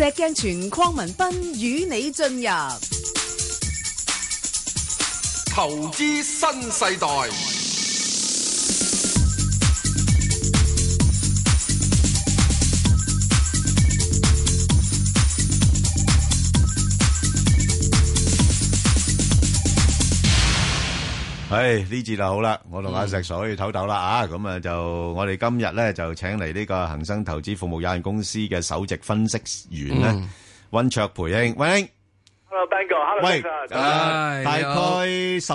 石鏡泉鄺文斌與你進入投資新世代。係呢節就好啦，我同阿石水唞唞啦啊，咁啊就我哋今日咧就請嚟呢個恒生投資服務有限公司嘅首席分析員咧温卓培英，温英，Hello Ben 哥，Hello 先生，大大概十。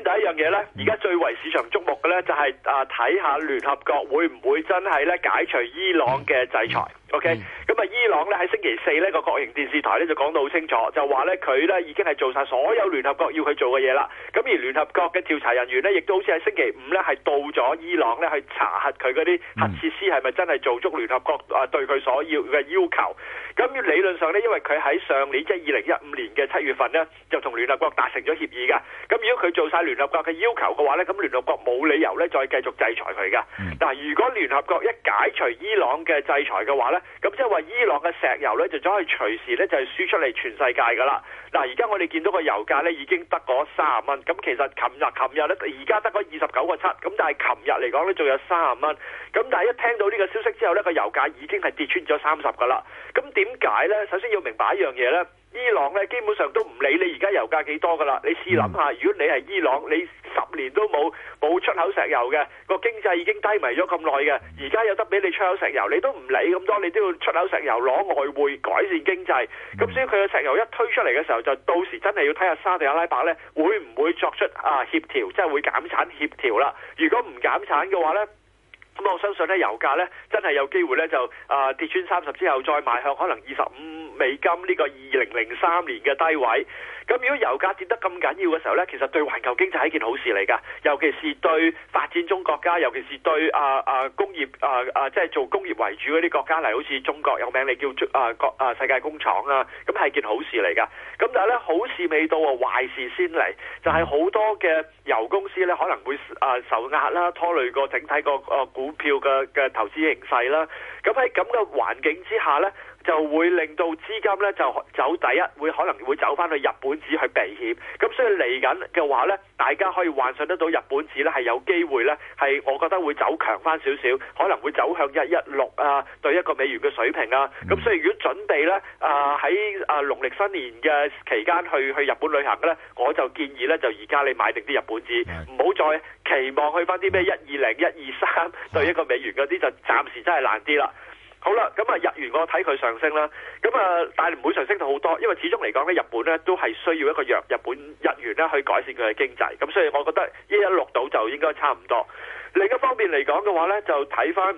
第一樣嘢呢，而家最為市場矚目嘅呢，就係啊睇下聯合國會唔會真係咧解除伊朗嘅制裁。嗯嗯、OK，咁啊，伊朗呢喺星期四呢個國營電視台呢就講到好清楚，就話呢佢呢已經係做晒所有聯合國要佢做嘅嘢啦。咁而聯合國嘅調查人員呢，亦都好似喺星期五呢係到咗伊朗呢去查核佢嗰啲核設施係咪真係做足聯合國啊對佢所要嘅要求。咁要理論上呢，因為佢喺上年即係二零一五年嘅七月份呢，就同聯合國達成咗協議㗎。咁如果佢做晒聯合國嘅要求嘅話呢，咁聯合國冇理由呢再繼續制裁佢㗎。嗱，如果聯合國一解除伊朗嘅制裁嘅話呢，咁即係話伊朗嘅石油呢，就將可以隨時呢就係輸出嚟全世界㗎啦。嗱，而家我哋見到個油價呢已經得嗰三十蚊，咁其實琴日、琴日呢，而家得嗰二十九個七，咁但係琴日嚟講呢，仲有三十蚊，咁但係一聽到呢個消息之後呢，個油價已經係跌穿咗三十㗎啦，咁。點解呢？首先要明白一樣嘢呢，伊朗呢，基本上都唔理你而家油價幾多噶啦。你試諗下，如果你係伊朗，你十年都冇冇出口石油嘅，個經濟已經低迷咗咁耐嘅，而家有得俾你出口石油，你都唔理咁多，你都要出口石油攞外匯改善經濟。咁所以佢嘅石油一推出嚟嘅時候，就到時真係要睇下沙特阿拉伯呢會唔會作出啊協調，即係會減產協調啦。如果唔減產嘅話呢？咁我相信咧，油價咧真係有機會咧，就啊跌穿三十之後再邁向可能二十五美金呢個二零零三年嘅低位，咁如果油價跌得咁緊要嘅時候呢，其實對環球經濟係一件好事嚟噶，尤其是對發展中國家，尤其是對啊啊工業啊啊即係做工業為主嗰啲國家嚟，好似中國有名，你叫啊國啊世界工廠啊，咁係件好事嚟噶。咁但係呢，好事未到啊，壞事先嚟，就係好多嘅油公司呢可能會啊受壓啦，拖累個整體個股票嘅嘅投資形勢啦。咁喺咁嘅環境之下呢。就會令到資金咧就走第一，會可能會走翻去日本紙去避險。咁所以嚟緊嘅話咧，大家可以幻想得到日本紙咧係有機會咧係，我覺得會走強翻少少，可能會走向一一六啊，對一個美元嘅水平啊。咁所以如果準備咧啊喺啊農曆新年嘅期間去去日本旅行嘅咧，我就建議咧就而家你買定啲日本紙，唔好再期望去翻啲咩一二零一二三對一個美元嗰啲，就暫時真係難啲啦。好啦，咁啊日元我睇佢上升啦，咁啊但係唔會上升到好多，因為始終嚟講咧，日本咧都係需要一個弱日本日元咧去改善佢嘅經濟，咁所以我覺得一一六到就應該差唔多。另一方面嚟講嘅話咧，就睇返。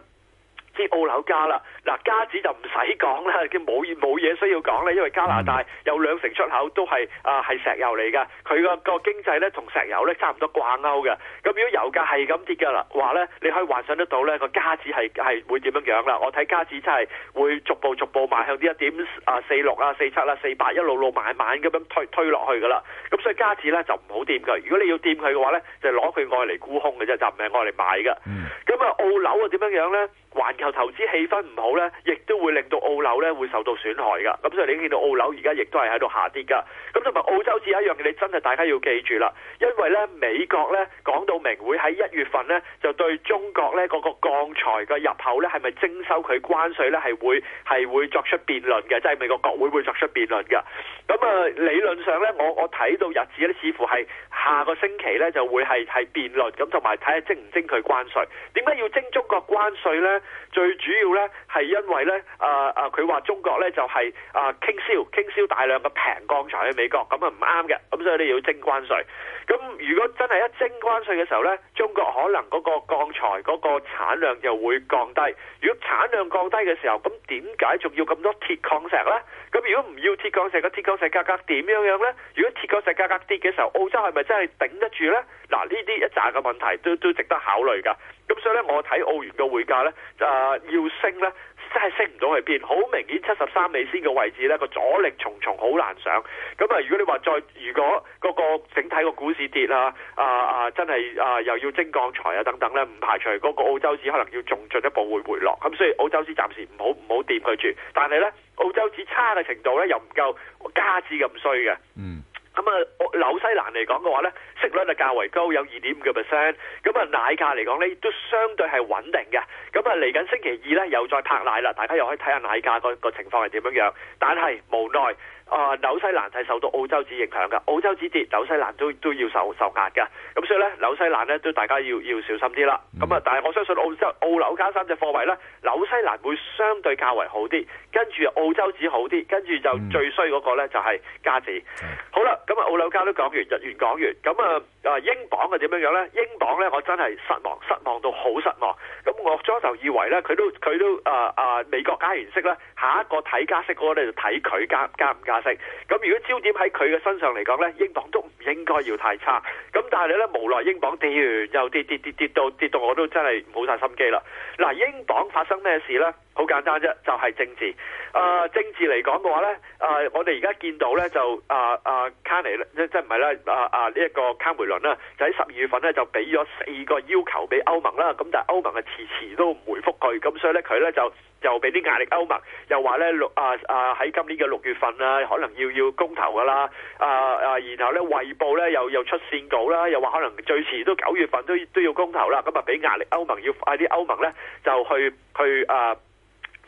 啲澳樓加啦，嗱，加紙就唔使講啦，佢冇冇嘢需要講咧，因為加拿大有兩成出口都係啊、呃、石油嚟噶，佢個經濟咧同石油咧差唔多掛鈎嘅。咁如果油價係咁跌㗎啦，話咧你可以幻想得到咧個加紙係會點樣樣啦。我睇加紙真係會逐步逐步邁向啲一點啊四六啊四七啦四八一路路，路慢慢咁樣推推落去噶啦。咁所以加紙咧就唔好掂佢。如果你要掂佢嘅話咧，就攞佢愛嚟沽空嘅啫，就唔係愛嚟買嘅。咁、嗯、啊，澳樓啊點樣樣咧？環球投資氣氛唔好呢，亦都會令到澳樓呢會受到損害㗎。咁、嗯、所以你見到澳樓而家亦都係喺度下跌㗎。咁同埋澳洲仲有一樣嘢，你真係大家要記住啦。因為呢美國呢講到明會喺一月份呢就對中國呢嗰個鋼材嘅入口呢係咪徵收佢關稅呢？係會係會作出辯論嘅，即、就、係、是、美國國會會作出辯論㗎。咁、嗯、啊理論上呢，我我睇到日子呢，似乎係下個星期呢就會係係辯論，咁同埋睇下徵唔徵佢關稅。點解要徵中國關稅呢？最主要呢，係因為呢啊啊，佢、呃、話中國呢就係啊傾銷傾銷大量嘅平鋼材喺美國，咁啊唔啱嘅，咁所以你要徵關稅。咁如果真係一徵關稅嘅時候呢，中國可能嗰個鋼材嗰個產量就會降低。如果產量降低嘅時候，咁點解仲要咁多鐵礦石呢？咁如果唔要鐵礦石，個鐵礦石價格點樣樣呢？如果鐵礦石價格跌嘅時候，澳洲係咪真係頂得住呢？嗱，呢啲一紮嘅問題都都值得考慮噶。咁所以呢，我睇澳元嘅匯價呢。誒、呃、要升呢，真係升唔到去邊。好明顯，七十三美仙嘅位置呢，個阻力重重，好難上。咁啊，如果你話再如果嗰個整體個股市跌啦啊啊、呃、真係啊、呃、又要精鋼材啊等等呢，唔排除嗰、嗰個澳洲紙可能要仲進一步會回落。咁所以澳洲紙暫時唔好唔好掂佢住。但係呢，澳洲紙差嘅程度呢，又唔夠加紙咁衰嘅。嗯。咁啊，紐西蘭嚟講嘅話咧，息率就較為高，有二點五個 percent。咁啊，奶價嚟講咧，都相對係穩定嘅。咁啊，嚟緊星期二咧，又再拍奶啦，大家又可以睇下奶價個情況係點樣樣，但係無奈。啊、呃！紐西蘭係受到澳洲紙影響嘅，澳洲紙跌，紐西蘭都都要受受壓嘅。咁所以咧，紐西蘭咧都大家要要小心啲啦。咁啊，但係我相信澳洲澳紐加三隻貨幣咧，紐西蘭會相對較為好啲，跟住澳洲紙好啲，跟住就最衰嗰個咧就係、是、加紙、嗯。好啦，咁啊，澳紐加都講完，日元講完，咁啊啊英鎊係點樣樣咧？英鎊咧，我真係失望，失望到好失望。咁我初頭以為咧，佢都佢都啊啊、呃呃、美國加完息咧，下一個睇加息嗰個咧就睇佢加加唔加。加加息咁如果焦點喺佢嘅身上嚟講呢，英鎊都唔應該要太差。咁但係呢，無奈英鎊跌完又跌跌跌跌到跌到，我都真係冇晒心機啦。嗱，英鎊發生咩事呢？好簡單啫，就係政治。啊，政治嚟講嘅話呢，啊，我哋而家見到呢就啊啊卡尼即係唔係啦，啊啊呢一個卡梅倫啦，就喺十二月份呢就俾咗四個要求俾歐盟啦。咁但係歐盟係遲遲都唔回覆佢，咁所以呢佢呢就又俾啲壓力歐盟，又話呢六啊啊喺今年嘅六月份啊。可能要要公投噶啦，啊啊，然後咧衛報咧又又出線稿啦，又話可能最遲都九月份都都要公投啦，咁啊俾壓力歐盟要快啲歐盟咧就去去誒、啊、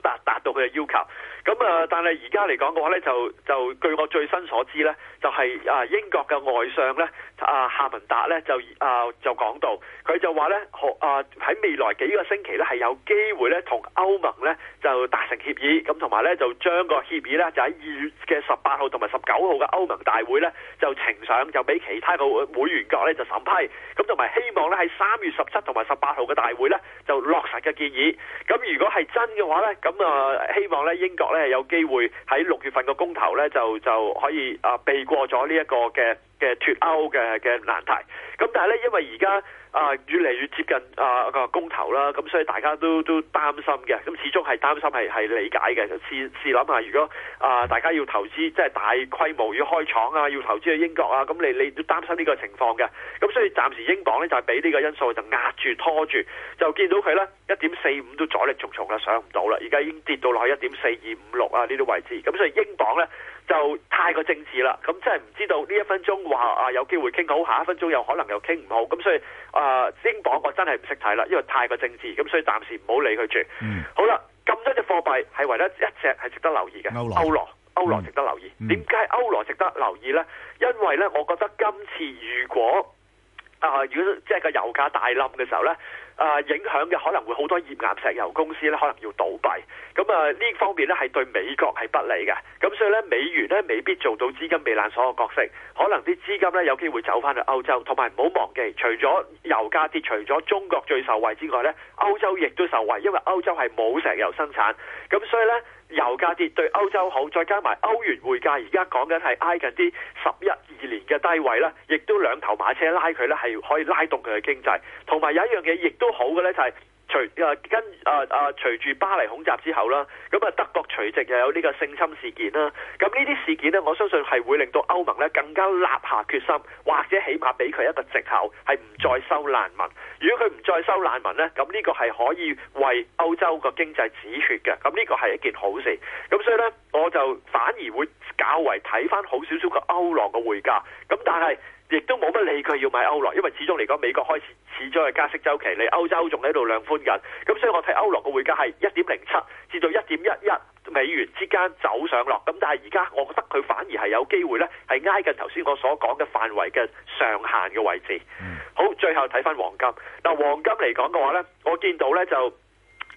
達達到佢嘅要求。咁啊！但係而家嚟講嘅話呢，就就據我最新所知呢，就係啊英國嘅外相呢，啊夏文達呢，就啊就講到，佢就話呢，啊喺未來幾個星期呢，係有機會呢，同歐盟呢，就達成協議，咁同埋呢，就將個協議呢，就喺二月嘅十八號同埋十九號嘅歐盟大會呢，就呈上，就俾其他個會員國呢，就審批，咁同埋希望呢，喺三月十七同埋十八號嘅大會呢，就落實嘅建議。咁如果係真嘅話呢，咁啊希望呢，英國即係有機會喺六月份嘅公投咧，就就可以啊避過咗呢一個嘅。脫歐嘅嘅難題，咁但係呢，因為而家啊越嚟越接近啊個、呃、公投啦，咁所以大家都都擔心嘅，咁始終係擔心係係理解嘅。試試諗下，如果啊、呃、大家要投資，即係大規模要開廠啊，要投資去英國啊，咁你你都擔心呢個情況嘅，咁所以暫時英鎊呢，就係俾呢個因素就壓住拖住，就見到佢呢一點四五都阻力重重啦，上唔到啦，而家已經跌到落去一點四二五六啊呢啲位置，咁所以英鎊呢。就太過政治啦，咁真係唔知道呢一分鐘話啊有機會傾好，下一分鐘又可能又傾唔好，咁所以啊英鎊我真係唔識睇啦，因為太過政治，咁所以暫時唔、嗯、好理佢住。好啦，咁多隻貨幣係唯一一隻係值得留意嘅歐羅。歐羅，歐羅值得留意。點、嗯、解歐羅值得留意呢？因為呢，我覺得今次如果啊、呃，如果即係個油價大冧嘅時候呢。啊！影響嘅可能會好多頁岩石油公司咧，可能要倒閉。咁啊，呢方面咧係對美國係不利嘅。咁所以咧，美元咧未必做到資金避難所嘅角色，可能啲資金咧有機會走翻去歐洲。同埋唔好忘記，除咗油價跌，除咗中國最受惠之外咧，歐洲亦都受惠，因為歐洲係冇石油生產。咁所以咧。油價跌，對歐洲好，再加埋歐元匯價而家講緊係挨近啲十一二年嘅低位啦，亦都兩頭馬車拉佢咧，係可以拉動佢嘅經濟。同埋有一樣嘢，亦都好嘅咧，就係、是。隨啊跟啊啊隨住巴黎恐襲之後啦，咁啊德國隨即又有呢個性侵事件啦，咁呢啲事件呢，我相信係會令到歐盟咧更加立下決心，或者起碼俾佢一個藉口，係唔再收難民。如果佢唔再收難民呢，咁呢個係可以為歐洲個經濟止血嘅，咁呢個係一件好事。咁所以呢，我就反而會較為睇翻好少少個歐羅嘅匯價。咁但係。亦都冇乜理佢要買歐羅，因為始終嚟講，美國開始始終係加息周期，你歐洲仲喺度量寬緊，咁所以我睇歐羅個匯價係一點零七至到一點一一美元之間走上落，咁但係而家我覺得佢反而係有機會呢，係挨近頭先我所講嘅範圍嘅上限嘅位置。嗯。好，最後睇翻黃金，嗱黃金嚟講嘅話呢，我見到呢就。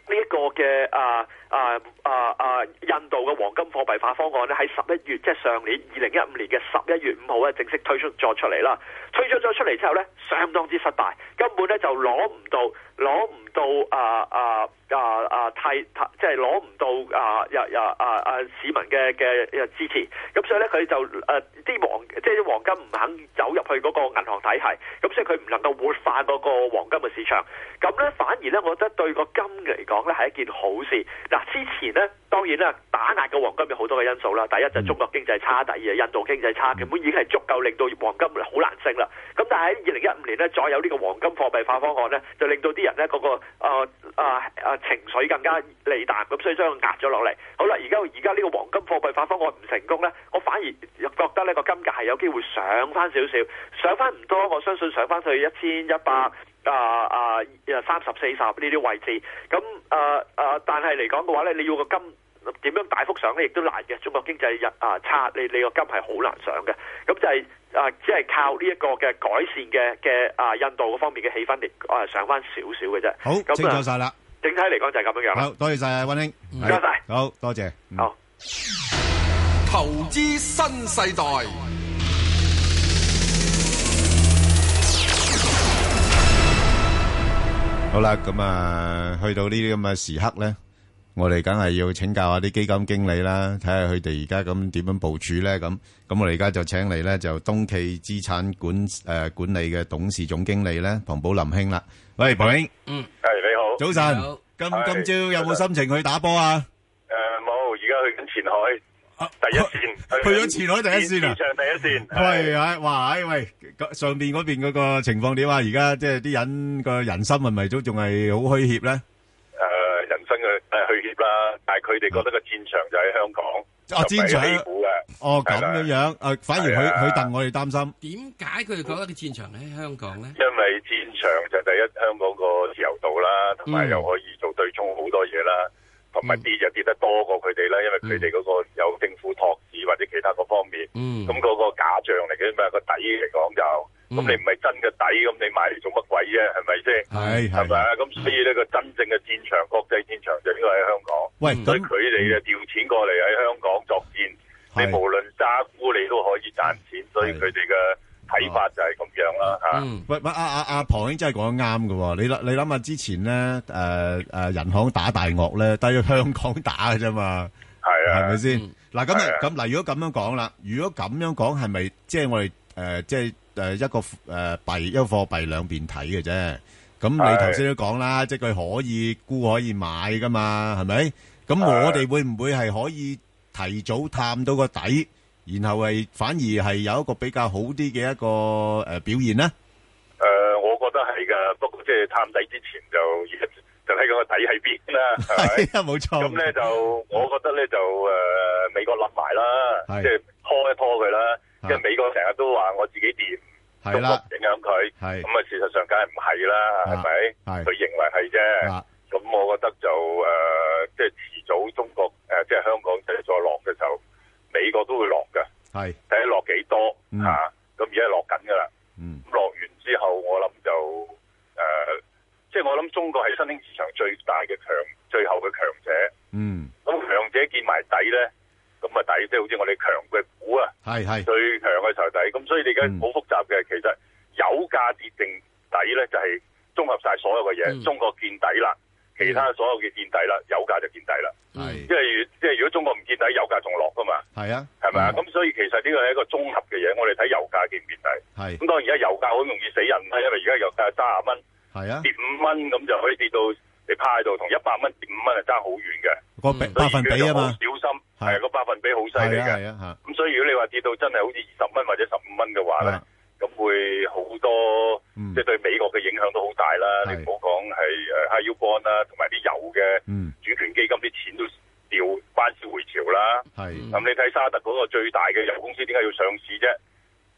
呢一個嘅，啊啊啊啊，印度嘅黃金貨幣化方案咧，喺十一月，即係上年二零一五年嘅十一月五號咧，正式推出咗出嚟啦。推出咗出嚟之後咧，相當之失敗，根本咧就攞唔到，攞唔。到啊啊啊太啊太即係攞唔到啊啊啊啊市民嘅嘅支持，咁所以咧佢就誒啲、啊、黃即係啲黃金唔肯走入去嗰個銀行體系，咁所以佢唔能夠活化嗰個黃金嘅市場，咁咧反而咧，我覺得對個金嚟講咧係一件好事。嗱，之前咧。當然啦，打壓嘅黃金有好多嘅因素啦。第一就係中國經濟差，第二就係印度經濟差，根本已經係足夠令到黃金好難升啦。咁但係喺二零一五年呢，再有呢個黃金貨幣化方案呢，就令到啲人呢嗰個啊啊情緒更加利淡，咁所以將佢壓咗落嚟。好啦，而家而家呢個黃金貨幣化方案唔成功呢，我反而又覺得呢個金價係有機會上翻少少，上翻唔多，我相信上翻去一千一百啊啊。呃啊，三十四十呢啲位置，咁，啊啊，但係嚟講嘅話咧，你要個金點樣大幅上咧，亦都難嘅。中國經濟日啊差，你你個金係好難上嘅。咁就係、是啊、只係靠呢一個嘅改善嘅嘅啊，印度嗰方面嘅氣氛嚟、啊、上翻少少嘅啫。好，清楚晒啦。整體嚟講就係咁樣樣。好多謝晒溫兄，唔該晒，好、嗯、多謝。好，投資、嗯、新世代。好啦，咁啊，去到呢啲咁嘅時刻咧，我哋梗係要請教下啲基金經理啦，睇下佢哋而家咁點樣部署咧。咁，咁我哋而家就請嚟咧，就東驥資產管誒管理嘅董事總經理咧，龐寶林兄啦。喂，龐兄，嗯，係你好，早晨，好，今今朝有冇心情去打波啊？誒，冇，而家去緊前海。第一綫，去咗前海第一綫啊！戰場第一綫，係啊！哇！哎喂，上邊嗰邊嗰個情況點啊？而家即係啲人個人心係咪都仲係好虛怯咧？誒，人心嘅誒虛怯啦，但係佢哋覺得個戰場就喺香港。啊，戰場喺？哦，咁樣樣，誒，反而佢佢戥我哋擔心。點解佢哋覺得個戰場喺香港咧？因為戰場就第一香港個自由島啦，同埋又可以做對沖好多嘢啦。唔、嗯、係跌就跌得多過佢哋啦，因為佢哋嗰個有政府托市或者其他嗰方面，咁、嗯、嗰個假象嚟嘅，咁啊個底嚟講就，咁、嗯、你唔係真嘅底，咁你買嚟做乜鬼啫？係咪先？係係咪啊？咁所以呢個真正嘅戰場、嗯，國際戰場就應該喺香港。喂，所以佢哋就調錢過嚟喺香港作戰，嗯、你無論揸沽你都可以賺錢，所以佢哋嘅睇法就係咁樣啦嚇，喂喂阿阿阿龐兄真係講得啱嘅喎，你諗你諗下之前咧誒誒人行打大鱷咧，都係香港打嘅啫嘛，係啊，係咪先？嗱咁啊咁嗱，如果咁樣講啦，如果咁樣講係咪即係我哋誒即係誒一個誒幣一個貨幣兩邊睇嘅啫？咁你頭先都講啦，即係佢可以沽可以買嘅嘛，係咪？咁我哋會唔會係可以提早探到個底？然後係反而係有一個比較好啲嘅一個誒、呃、表現啦。誒、呃，我覺得係噶，不過即係探底之前就，就睇個底喺邊啦。冇 錯是吧。咁 咧就，我覺得咧就誒、呃，美國笠埋啦，即係、就是、拖一拖佢啦。即係、就是、美國成日都話我自己掂，中國影響佢，係咁啊，事實上梗係唔係啦，係咪、啊？佢認為係啫。咁、啊、我覺得就誒，即係遲早中國誒，即、呃、係、就是、香港係係最強嘅籌碼，咁所以你而家好複雜嘅、嗯。其實油價跌定底咧，就係、是、綜合晒所有嘅嘢、嗯，中國見底啦、嗯，其他所有嘅見底啦，油價就見底啦。係、嗯，因為即係、就是、如果中國唔見底，油價仲落噶嘛。係啊，係咪啊？咁、嗯、所以其實呢個係一個綜合嘅嘢。我哋睇油價見唔見底。係。咁當然而家油價好容易死人啦，因為而家油價卅蚊，係啊，跌五蚊咁就可以跌到你趴喺度，同一百蚊跌五蚊係差好遠嘅。個、嗯、百分比好、啊、小心係個、啊啊、百分比好犀利嘅。係啊，吓、啊。跌到真係好似二十蚊或者十五蚊嘅話咧，咁、啊、會好多，嗯、即係對美國嘅影響都好大啦。你唔好講係誒 high yield bond 啦，同埋啲油嘅主權基金啲錢都掉，班師回朝啦。係，咁、嗯嗯嗯、你睇沙特嗰個最大嘅油公司點解要上市啫？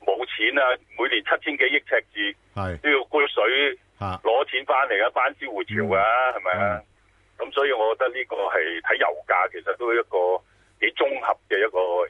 冇錢啊！每年七千幾億赤字，都要撲水攞錢翻嚟啊！班師回朝㗎，係咪啊？咁、嗯嗯、所以我覺得呢個係睇油價，其實都係一個幾綜合嘅一個。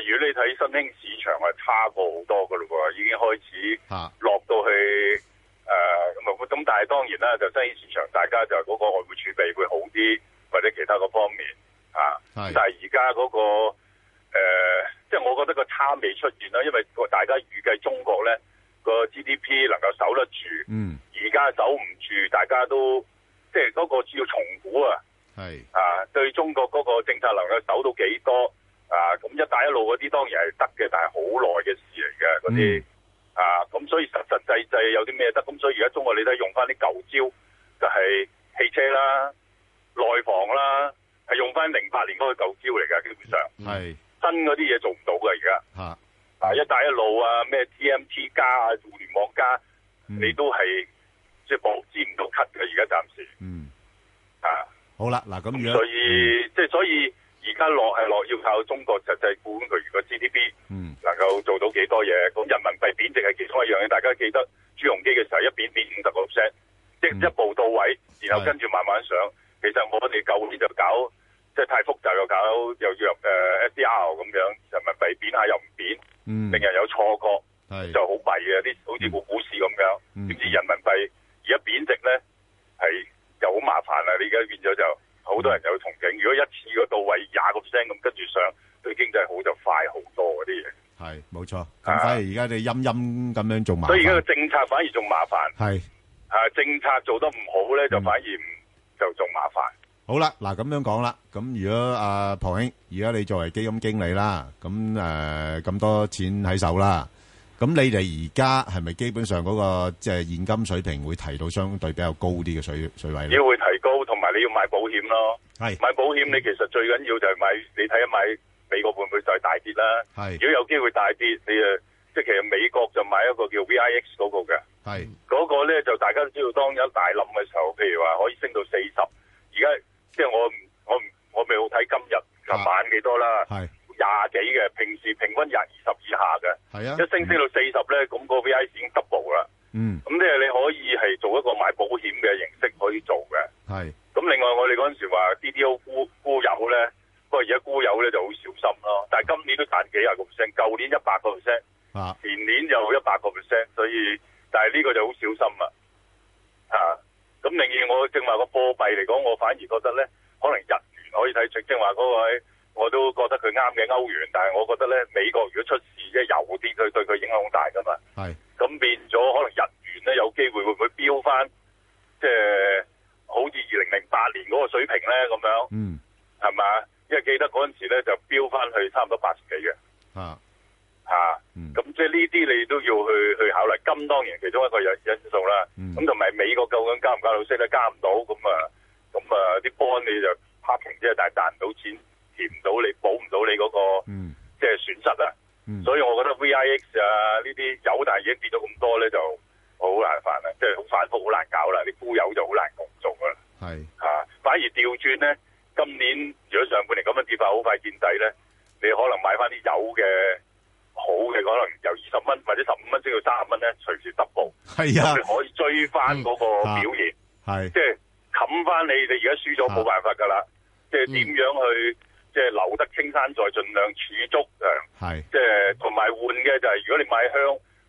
如果你睇新興市場，係差過好多噶咯喎，已經開始落到去誒咁啊！咁、呃、但係當然啦，就新興市場，大家就嗰個外匯儲備會好啲，或者其他個方面啊。係，但係而家嗰個即係、呃即係、我覺得個差未出現啦，因為個大家預計中國咧個 GDP 能夠守得住，而、嗯、家守唔住，大家都即係嗰個只要重估啊，係啊，對中國嗰個政策能夠守到幾多？啊，咁一帶一路嗰啲當然係得嘅，但係好耐嘅事嚟嘅嗰啲，啊，咁所以實實際際有啲咩得？咁所以而家中國你都係用翻啲舊招，就係、是、汽車啦、內房啦，係用翻零八年嗰個舊招嚟嘅，基本上係新嗰啲嘢做唔到㗎。而家。吓，啊，啊一帶一路啊，咩 TMT 加互聯網加，嗯、你都係即係博知唔到咳嘅，而家暫時。嗯，啊，好啦，嗱咁樣，所以即係所以。嗯就是而家落係落，要靠中國實際管佢如果 GDP 能夠做到幾多嘢。咁人民幣貶值係其中一樣嘢，大家記得朱鎔基嘅時候，一貶貶五十個 percent，即一步到位，然後跟住慢慢上。嗯、其實我哋舊年就搞即係、就是、太複雜又搞又入誒 SDR 咁樣人民幣貶下又唔貶、嗯，令人有錯覺，就好弊嘅啲好似個股市咁樣，好、嗯、知、嗯、人。係而家你陰陰咁樣做埋，所以而家個政策反而仲麻煩。係啊，政策做得唔好咧，就反而就仲麻煩。好啦，嗱咁樣講啦，咁如果阿龐兄而家你作為基金經理啦，咁誒咁多錢喺手啦，咁你哋而家係咪基本上嗰個即係現金水平會提到相對比較高啲嘅水水位咧？要會提高，同埋你要買保險咯。係買保險，你其實最緊要就係買，你睇下買美國會唔會再大跌啦？係，如果有機會大跌，你誒。即係其實美國就買一個叫 VIX 嗰個嘅，嗰、嗰個咧就大家都知道當有大冧嘅時候，譬如話可以升到四十。而家即係我唔我唔我未好睇今日、琴晚幾多啦，係廿幾嘅，平時平均廿二十以下嘅，係啊，一升升到四十咧，咁、嗰個 VIX 已經 double 啦，嗯，咁即係你可以係做一個買保險嘅形式可以做嘅，係，咁另外我哋嗰陣時話 DDO 沽沽友咧，不過而家沽友咧就好小心咯。但係今年都賺幾廿個 percent，舊年一百個 percent。啊、前年有一百個 percent，所以但係呢個就好小心喇啊。吓，咁，另外我正話個貨幣嚟講，我反而覺得咧，可能日元可以睇，即係話嗰位我都覺得佢啱嘅歐元。但係我覺得咧，美國如果出事，即係油跌，佢對佢影響大噶嘛。係咁變咗，可能日元咧有機會會唔會飆翻，即係好似二零零八年嗰個水平咧咁樣。嗯，係咪？因為記得嗰陣時咧就飆翻去差唔多八十幾嘅。即係呢啲你都要去去考慮，金當然其中一個有因素啦。咁同埋美國究竟加唔加到息咧？加唔到咁啊，咁啊啲波你就 parking 但係賺唔到錢，填唔到你保唔到你嗰、那個，即、嗯、係損失啊、嗯。所以我覺得 VIX 啊呢啲油，但係已經跌到咁多咧，就好難煩啦。即係好反覆，好難搞啦。啲孤油就好難共做噶啦。反而調轉咧，今年如果上半年咁樣跌法好快見底咧，你可能買翻啲油嘅。好嘅，可能由二十蚊或者十五蚊升到三十蚊咧，隨時 double 係啊，以可以追翻嗰個表現，係、嗯啊、即係冚翻你。你而家輸咗冇辦法噶啦、嗯，即係點樣去即係留得青山在，儘量儲足糧啊，係即係同埋換嘅就係、是、如果你買香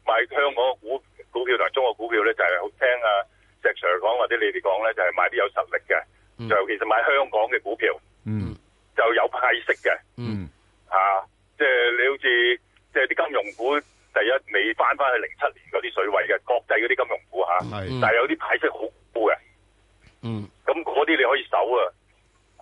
買香港股股票同埋中國股票咧，就係、是、好聽啊石 Sir 講或者你哋講咧，就係、是、買啲有實力嘅，就、嗯、其實買香港嘅股票，嗯，就有派息嘅，嗯，啊，即係你好似。即係啲金融股，第、嗯、一未翻翻去零七年嗰啲水位嘅，國際嗰啲金融股吓，但係有啲派息好高嘅，嗯，咁嗰啲你可以守啊，嗯、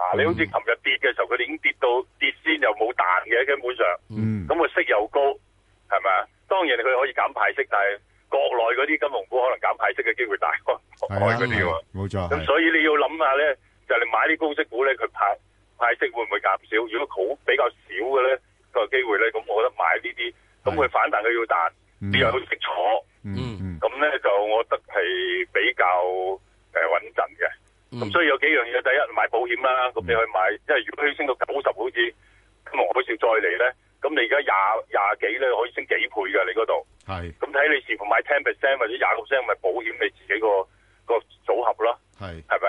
啊，你好似琴日跌嘅時候，佢哋已經跌到跌先又冇彈嘅，基本上，嗯，咁佢息又高，係咪啊？當然佢可以減派息，但係國內嗰啲金融股可能減派息嘅機會大，外國啲冇錯，咁所以你要諗下咧，就係、你買啲高息股咧，佢派派息會唔會減少？如果好比較少嘅咧？個機會咧，咁我覺得買呢啲，咁佢反彈佢要彈，嗯嗯、呢樣好似識坐，咁、嗯、咧就我覺得係比較誒、呃、穩陣嘅。咁、嗯、所以有幾樣嘢，第一買保險啦，咁你去買、嗯，因為如果佢升到九十好似，咁我好似再嚟咧，咁你而家廿廿幾咧可以升幾倍㗎？你嗰度，係咁睇你視乎買 ten percent 或者廿 percent 咪保險你自己個、那個組合咯，係係咪？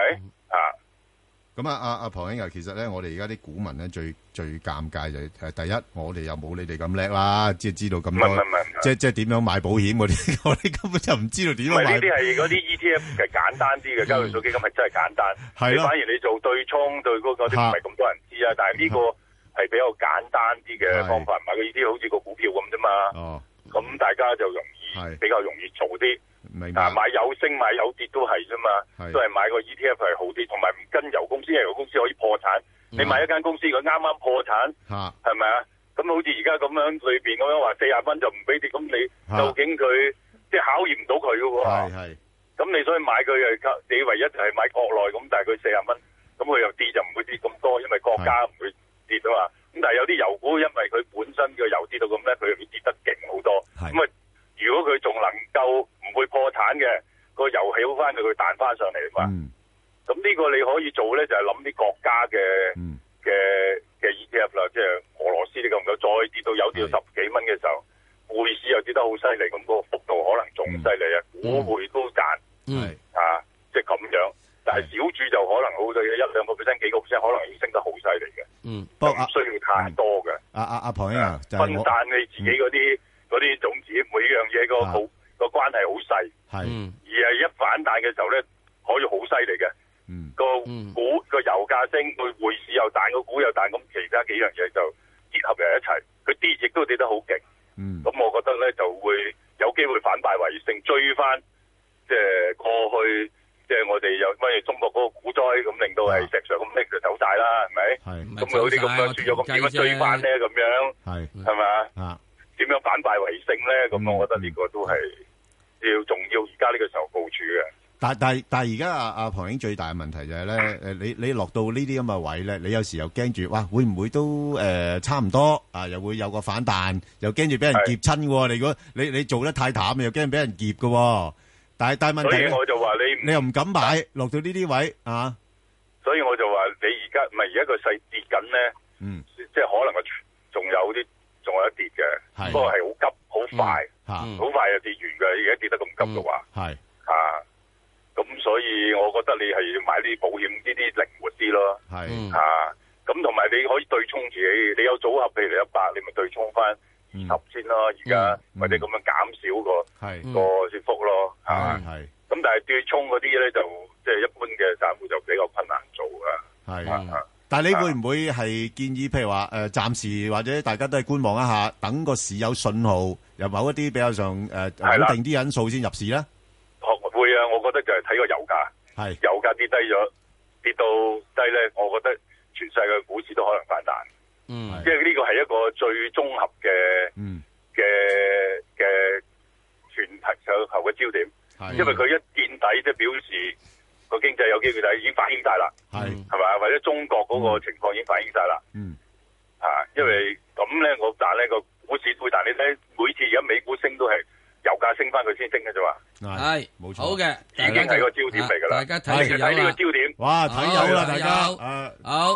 咁啊，阿阿龐兄啊，其實咧，我哋而家啲股民咧，最最尷尬就係第一，我哋又冇你哋咁叻啦，即係知道咁多，唔係唔係唔係唔係即即點樣買保險嗰啲，我哋根本就唔知道點樣買。唔係呢啲係嗰啲 ETF，係簡單啲嘅交易手機，咁係真係簡單。係 你反而你做對沖對嗰個唔係咁多人知啊，但係呢個係比較簡單啲嘅方法。係。 買個呢啲好似個股票咁啫嘛。哦。咁大家就容易，比較容易做啲。啊！買有升買有跌都係啫嘛，都係買個 ETF 係好啲，同埋唔跟油公司，因為油公司可以破產。啊、你買一間公司，佢啱啱破產，係係咪啊？咁好似而家咁樣裏面咁樣話四十蚊就唔俾跌，咁你究竟佢、啊、即係考驗唔到佢嘅喎。咁你所以買佢你唯一就係買國內咁，但係佢四十蚊，咁佢又跌就唔會跌咁多，因為國家唔會跌啊嘛。咁但係有啲油股因為佢本身嘅油跌到咁咧，佢又跌得勁好多。咁啊！如果佢仲能夠唔會破產嘅，個油起翻佢，佢彈翻上嚟嘛？咁、嗯、呢個你可以做咧，就係諗啲國家嘅嘅嘅 ETF 啦，即係俄羅斯你夠唔夠，再跌到有啲十幾蚊嘅時候，匯市又跌得好犀利，咁、那個幅度可能仲犀利啊！股匯都賺，啊，即係咁樣。但係小主就可能好，一兩個 percent 幾個 percent 可能已經升得好犀利嘅。嗯，不過唔需要太多嘅。阿阿阿龐啊，啊啊就是、分散你自己啲嗰啲種子，每樣。個、啊、好個關係好細，係，而係一反彈嘅時候咧，可以好犀利嘅。嗯，個股、嗯、個油價升，佢匯市又彈，個股又彈，咁其他幾樣嘢就結合喺一齊。佢跌亦都跌得好勁。咁、嗯、我覺得咧就會有機會反敗為勝，追翻即係過去，即、呃、係我哋有乜嘢中國嗰個股災咁，令到係石上咁拎就走晒啦，係咪？咁佢好似咁嘅，繼咗咁點樣追翻咧？咁我覺得呢個都係要重要，而家呢個時候部署嘅。但但但而家阿阿龐英最大嘅問題就係咧，誒你你落到呢啲咁嘅位咧，你有時又驚住，哇會唔會都誒差唔多啊？又會有個反彈，又驚住俾人劫親嘅喎。你如果你你做得太淡，又驚俾人劫嘅。但係但問題，所以我就話你你又唔敢擺落到呢啲位啊。所以我就話你而家唔係而家個勢跌緊咧，嗯，即係可能個仲有啲仲有一跌嘅，不過係好急。好快好、嗯、快就跌完㗎，而家跌得咁急嘅話，咁、嗯啊、所以，我覺得你係要買啲保險，呢啲靈活啲咯。咁同埋你可以對沖自己，你有組合，譬如你一百，你咪對沖翻二十先咯。而、嗯、家、嗯、或者咁樣減少個個跌幅咯。係、嗯。咁、嗯、但係對沖嗰啲咧，就即、是、係一般嘅散戶就比較困難做、嗯、啊。但係你會唔會係建議，譬如話誒、呃，暫時或者大家都係觀望一下，等個市有信號，有某一啲比較上誒穩、呃、定啲因素先入市學會啊！我覺得就係睇個油價，係油價跌低咗跌到低咧，我覺得全世界股市都可能反彈。嗯，即係呢個係一個最綜合嘅，嘅、嗯、嘅全球上頭嘅焦點。因為佢一見底，即表示個經濟有機會底已經反映晒啦。係，係咪或者中國嗰個情況已經反映晒啦。嗯，啊，因為咁咧，我但呢個。股市都，但係你睇每次而家美股升都係油價升翻佢先升嘅啫嘛。係，冇錯。好嘅，已經係個焦點嚟噶啦。大家睇，睇呢個焦點。哇，睇有啦，大家。啊、好。